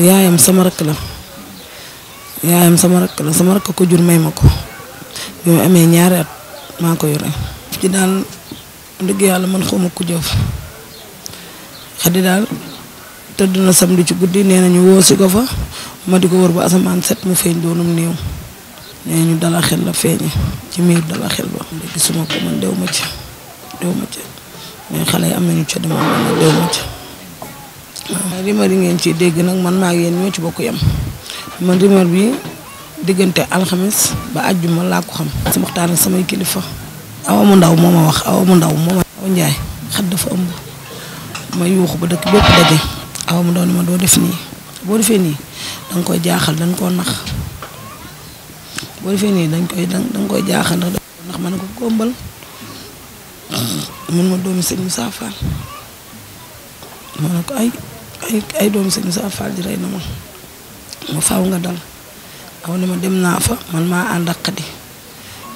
yaayam sama rakk la yaayam sama rakk la sama ko jur may ma ko bi amee ñaari at maa ko yore ci daal dëgg yàlla man xawma ku jëf xadi daal tëdd na samedi ci guddi nee nañu woo si ko fa ma di ko wër ba asamaan set mu feeñ doonum néew nee ñu dala xel la feeñe ci miir dala xel ba gisuma ko man dew ma ci dew ma ci mais xale yi am nañu ca demoon man dew ma ci rumeur yi ngeen ci dégg nag man maa ngi yéen ci bokk yam man rumeur bi diggante alxames ba àjjuma laa ko xam. sama waxtaan samay kilifa. awa mu ndaw moo ma wax awa mu ndaw moo ma. awa njaay xat dafa ëmb ma yuuxu ba dëkk bépp daje awa mu ndaw ni ma doo def nii boo defee nii danga koy jaaxal dañ koo nax boo defee nii dañ koy danga koy jaaxal ndax dañ koo nax ma ne ko góombal mun ma doomi sëñ Moussa Fall ne ko ay. ay ay doomu sëñ Moussa Fall ji rey na ma ma faaw nga dal aw ne ma dem naa fa man maa ànd ak xadi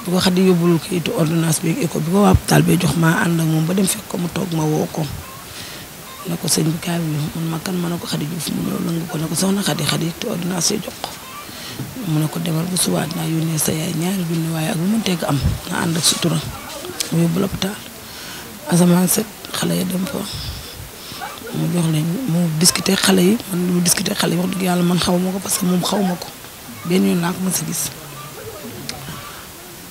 bu ko xadi yóbbul kayitu ordonnance bi éco bi ko waa hôpital bi jox maa ànd ak moom ba dem fekk ko mu toog ma woo ko ne ko sëñ bi man ma ko xadi Juuf mu loolu nangu ko ko soxna xadi xadi te ordonnance yi jox ko mu ne ko ak sutura mu yóbbu asamaan set xale ya dem fa mu jox leen mu discuter xale yi man mu discuter xale yi dëgg yàlla man xaw ma ko parce que moom xaw ma ko benn yoon laa ko mës a gis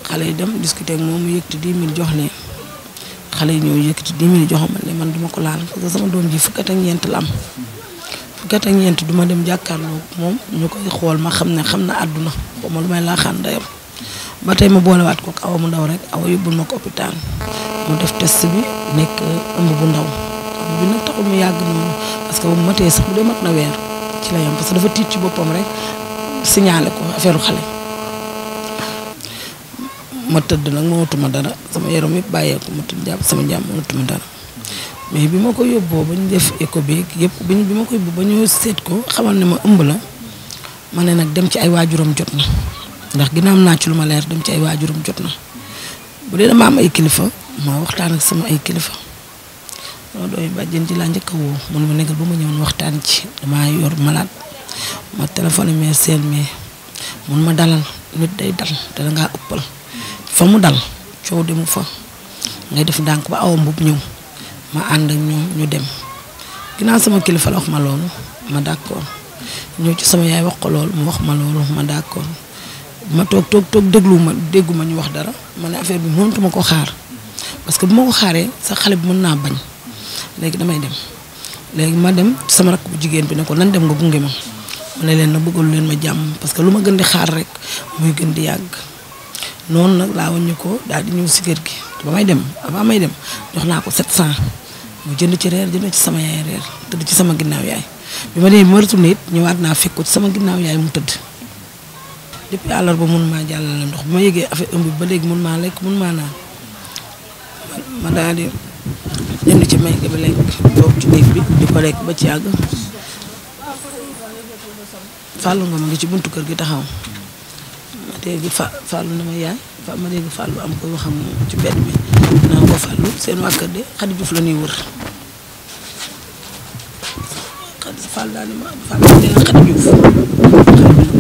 xale yi dem discuter moom mu yëkkati 10 000 jox leen xale yi ñëw yëkkati 10 000 jox ma ne man duma ko laal parce sama doom ji fukkat ak ñeent la am fukkat ak ñeent duma dem jàkkaarloo moom ñu koy xool ma xam ne xam na àdduna ba ma lu ba tey ma boolewaat ko awa mu ndaw rek awa yóbbul ma ko hôpital mu def test bi nekk ëmb bu ndaw. yàgg bi nag taxul mu yàgg noonu parce que bu matee sax bu dee mat na weer ci la yem parce que dafa tiit ci boppam rek signalé ko affaire xale. ma tëdd nag mënatuma dara sama yaram yëpp bàyyeeku ma tëdd jàpp sama jàmm dara mais bi ma ko yóbboo ba ñu def écho bi yëpp bi ma ko yóbboo ba ñu seet ko xamal ne ma ëmb la ma ne nag dem ci ay waajuram jot na ndax ginnaaw naa ci lu ma leer dem ci ay waajuram jot na bu dee dama am ay kilifa ma waxtaan ak sama ay kilifa. doy ba bàjjen ci laa njëkk a woo mun ma nekkal ba ma ñëwoon waxtaan ci dama yor malaat ma téléphone mais seel mais mon ma dalal nit day dal da nga uppal fa mu dal ciow dem fa ngay def dank ba awu mbub ñëw ma and ak ñoom ñu dem ginaa sama kilifa la wax ma lool ma d'accord ñu ci sama yaay wax ko lool mu wax ma lool ma d'accord ma tok tok tok deglu ma deggu ma ñu wax dara ma affaire bi mënatuma ko xaar parce que bu mako ko sa xalé bu mën naa bañ legi damay dem legi ma dem sama rak bu jigen bi ne ko nan dem nga gunge ma ma ne leen na bëggul len ma jàmm parce que luma ma di xaar rek muy gënd di yàgg noonu nag laa wàññi ko dal di ñu ci kër gi ba may dem avant may dem jox naa ko 700 mu jënd ci rër jënd ci sama yaay rër tudd ci sama ginnaw yaay bima ma demee ma retourné it ñëwaat na fekk ci sama ginnaw yaay mu tudd depuis àllarba mun ma jallal ndox bima ma yëgee affaire ëmb ba légui mun maa lekk mun ma ma dal di jënd ci may bi lekk toog ci néeg bi di ko lekk ba ci yàgg fàllu nga mu ngi ci buntu kër gi taxaw ma dégg fa fàllu na ma yaay ma dégg fàllu am koy waxam ci mi naa ko fàllu seen waa kër de Juuf la ñuy wër fàllu daal ni ma fàllu dina Xadi Juuf Juuf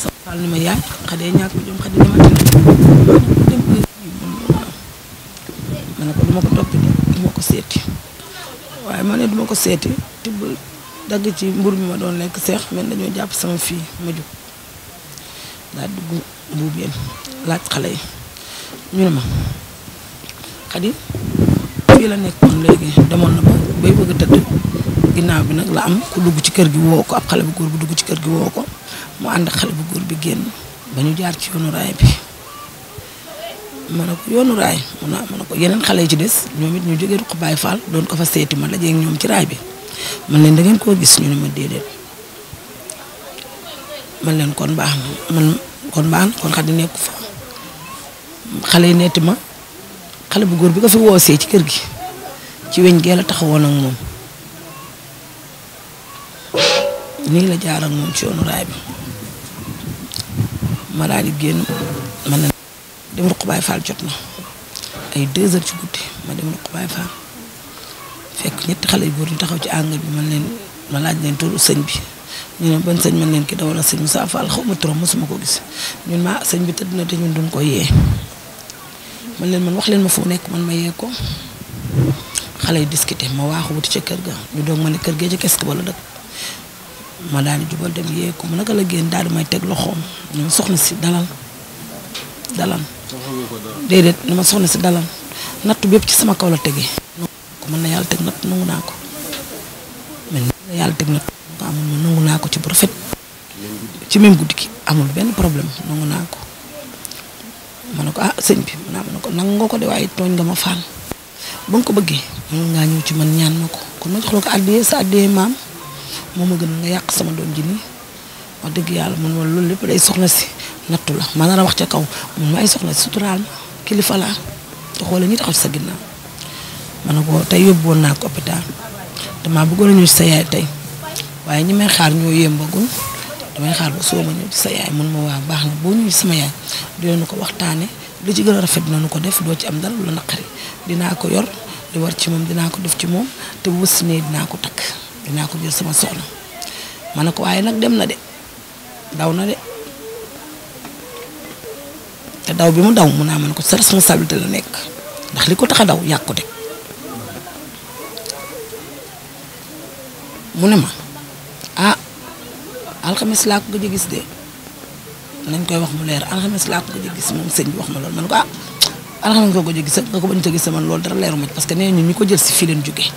ko fàllu ni ma yaay Xadi ñàkk jom Xadi dama ko seeti waaye ma ne duma ko seeti tibb dagg ci mbur mi ma doon lekk seex mel dañoo jàpp sama fii ma jug daal dugg mbuubeen laaj xale yi ñu ne ma xadi fii la nekkoon léegi demoon na ba bay bëgg tëdd ginnaaw bi nag la am ku dugg ci kër gi woo ko ab xale bu góor bu dugg ci kër gi woo ko mu ànd xale bu góor bi génn ba ñu jaar ci yoonu raay bi man ne ko yoonu raay man a ko yeneen xale yi ci des ñoom it ñu jógee ruq Baay Faal doon ko fa seeti ma dajee ak ñoom ci raay bi man leen da ngeen koo gis ñu ne ma déedéet man leen kon baax na man kon baax na kon xadi nekku fa xale yi netti ma xale bu góor bi ko fi woosee ci kër gi ci weñ gee la taxawoon ak moom la jaar moom ci yoonu raay bi ma daal di dem ruq baay faal jot na ay deux heures ci guddi ma dem ruq baay faal fekk ñetti xale yu góor ñu taxaw ci angle bi man leen ma laaj leen turu sëñ bi ñu ne ban sëñ man leen ki da wala sëñ Moussa Fall xaw ma trop mosuma ko gis ñun ma sëñ bi tëdd na te ñun duñ ko yee man leen man wax leen ma fu nekk man ma yee ko xale yi discuter ma waaxu wuti ca kër ga ñu doog ma ne kër gee ca kesk ba la dëkk ma daal di jubal dem yee ko ma naka la génn daal di may teg loxoom ñun soxna si dalal Dede, nama ma soxna ci dalam natou bepp ci sama kaw la tege ko man na yalla teg nat nangu nako ko man na yàlla nat ko amul ma nangu nako ko ci bu ci même goudi ki amul ben problème nangu nako ko ma ko ah sëñ bi ma ne ko nangu ko de way togn nga ma fan ba ko beugé nga ñu ci man ñaan ko kon ma jox ko addiyee sa addiyee mam ma gën nga yak sama doon jini nii wax dëgg yàlla man wala loolu lépp day soxna ci nattu la wax ci kaw mun ma ay soxna si sutural kilifa laa te xoola ñu taxaw sa ginnaaw ma ne ko tey yóbbu woon naa ko hôpital damaa bëggoon a sa yaay tey waaye ñi may xaar ñoo yëmbagul damay xaar ba soo ma ñëw sa yaay mun ma waa baax na boo ñëwee sama yaay dinañu ko waxtaane lu ci gën a rafet dinañu ko def doo ci am dara lu dinaa ko yor li war ci moom dinaa ko def ci moom te bu wëssinee dinaa ko takk dinaa ko jël sama soxna ma ne ko waaye nag dem na de daw na de. te daw bi mu daw mun naa mën ko sa responsabilité la nekk ndax li ko tax a daw yàq ko de mu ne ma ah alxames laa ko gëj a gis de nañ koy wax mu leer alxames laa ko gëj a gis moom sëñ bi wax ko ah alxames nga a gis nga a gis man loolu dara leeru ma parce que nee ñu ñi ko jël si fii leen jógee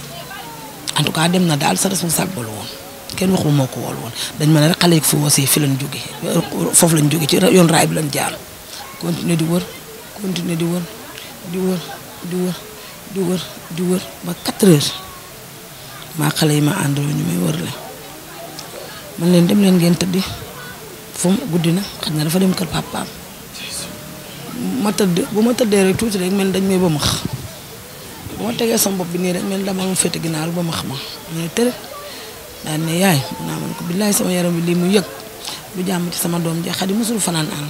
en tout cas dem na daal sa responsable la woon kenn waxu moo ko wool woon dañ ma ne rek xale yi fi woosee fi leen jógee foofu lañ jóge ci yoon raay bi lañ jaar. continuer di wër continuer di wër di wër di wër di wër di wër ba 4 heures ma xalé yi ma andal ñu may wër la man leen dem leen ngeen teddi fu guddina xana dafa dem kër papa ma tedd bu ma teddé rek tout rek mel dañ may bama x bu ma tégué sama bop bi ni rek mel dama mu fété ginaal bama max ma ne tëre daan ne yaay na man ko billahi sama yaram bi li mu yëg du jamm ci sama dom je xadi musul fanan an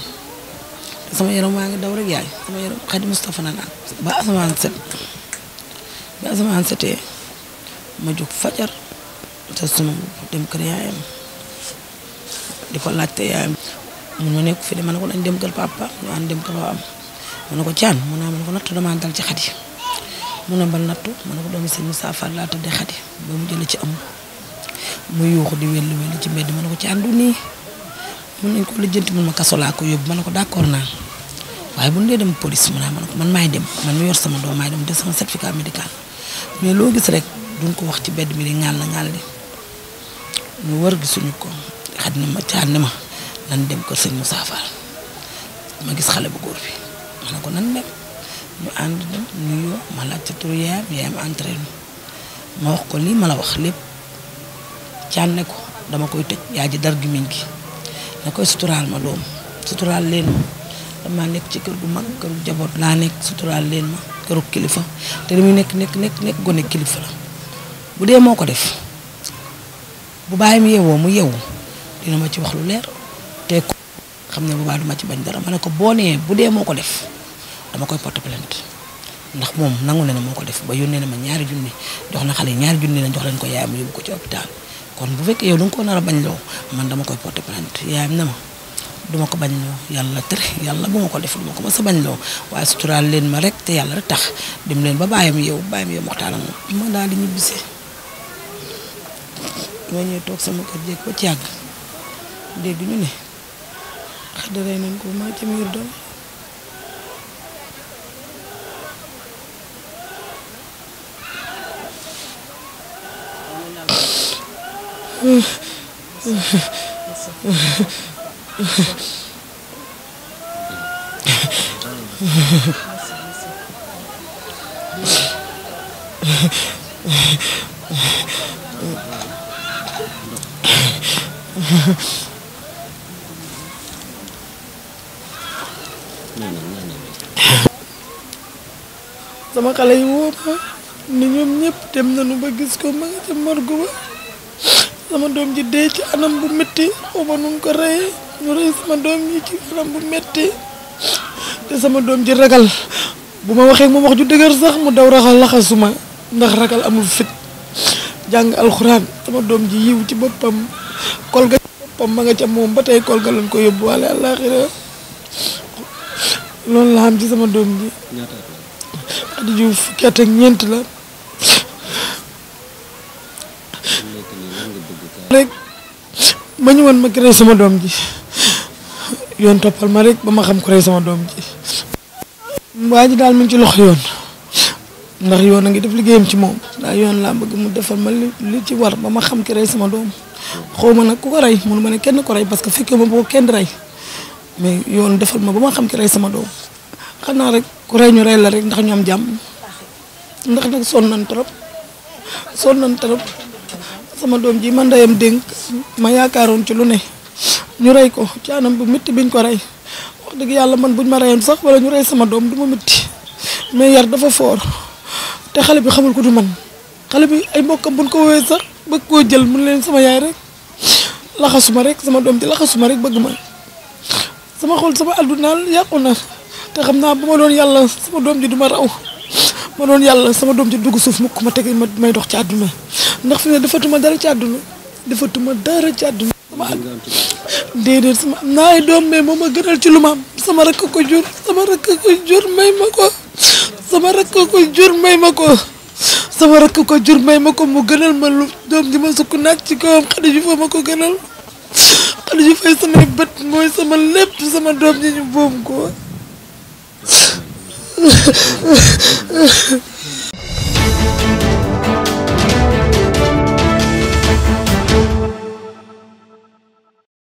sama yaram waa ngi daw rek yaay sama yaram xadi Moustapha na naan ba asamaan set ba asamaan setee ma jóg fajar te suma dem kër yaayam di ko laajte yaayam mun ma nekk fi de ma ne ko nañ dem kër papa ñu ànd dem kër am ma ne ko caan mu ne ma ne ko nattu damaa dal ci xadi mu ne mbal nattu ma ne ko doomi sëñ saafar Fall laa tëddee xadi ba mu jëlee ci am mu yuuxu di wellu wellu ci mbedd ma ne ko caan du mun nañ ko jënt mu ma kaso laa ko yob man polis ko d'accord na waaye bu ñu dem police mu na man ko man may dem man ñu yor sama do may dem de sama certificat médical mais lo gis rek duñ ko wax ci bedd mi na ngal ŋàll ñu wër suñu ko xadna ma tan ma nan dem ko sëñ Moussa Fall ma gis xalé bu goor fi man ko nan dem ñu and dem yo ma la ci turu yaayam entraîne ma wax ko li ma la wax lepp tan ne ko dama koy tej yaaji dar gi mingi na koy suturaal ma doom suturaal leen ma dama nekk ci kër gu mag këru jaboot laa nekk suturaal leen ma këru kilifa te li muy nekk nekk nekk nekk gone kilifa la bu dee moo ko def bu bàyyi mu yeewoo mu yeewu dina ma ci wax lu leer te xam ne boobaa duma ci bañ dara ma ne ko boo nee bu dee moo ko def dama koy porte plainte ndax moom nangu na moo ko def ba yónnee ne ma ñaari junni jox na xale ñaari junni na jox leen ko yaayam yóbbu ko ci hôpital kon bu fekkee yow lu nga nar a bañ loo man dama koy porter plainte yaayam na ma duma ko bañ loo yàlla tere yàlla bu ma ko def duma ko mës sa bañ loo waaye suturaal leen ma rek te yàlla rek tax dem leen ba bàyyam yow bàyyam yow waxtaan ak moom ma daal di ñibbisee moo ñëw toog sama kër jéeg ba ci yàgg dégg ñu ne xadda ah, rey nañ maa ci miir doon sama xale yi woo ma ni ñoom ñëpp dem nañu ba gis sama doom ji dee ci anam bu metti o nu ko reyee ñu rey sama doom ji ci anam bu metti te sama doom ji ragal bu ma waxee moom wax ju dëgër sax mu daw raxal laxasuma ndax ragal amul fit jàng alxuraan sama doom ji yiw ci boppam kol ga boppam ma nga ca moom ba tey kol ga lañ ko yóbbuwaale àllaaxira loolu la am ci sama doom ji. Adi Diouf ñeent la. ma won ma créé sama dom ji yon topal ma rek ba xam créé sama dom ji waa dal mu ci lox yon ndax yon nga def liggéeyam ci mom da yon la bëgg mu defal ma li ci war ba ma xam créé sama dom xaw nak ku ko ray mu ma ne kenn ko ray parce que fekkuma bu kenn ray mais yon defal ma ba xam créé sama dom xana rek ku ray ñu ray la rek ndax ñu am jam ndax nak son nan trop son nan trop sama dom ji man dayam dénk ma yakaron ci lu ne ñu ray ko ci anam bu metti biñ ko ray wax deug yalla man buñ ma rayon sax wala ñu ray sama dom duma metti métti mais yar dafa for te xale bi xamul ko du man xale bi ay mbokam buñ ko sax bëgg ko jël mu leen sama yaay rek laxasuma rek sama dom ji laxasuma rek bëgg ma sama xol sama aduna yaquna na te xamna buma doon yalla sama dom ji duma raw ma doon yàlla sama doom ci dugg suuf mukk ma teg ma may dox ci àdduna ndax fi ne defatuma dara ci àdduna defatuma dara ci àdduna sama déedéet sama am naa doom mais moo ma gënal ci lu sama rakk ko jur sama rakk may ma ko sama rakk ko jur may ma ko sama rakk ko jur ma ko mu gënal ma lu doom ji ma sukk naaj ci kawam xale ju fa ma ko gënal xale ju samay bët mooy sama lépp sama doom ji ñu boom ko Mm-hmm.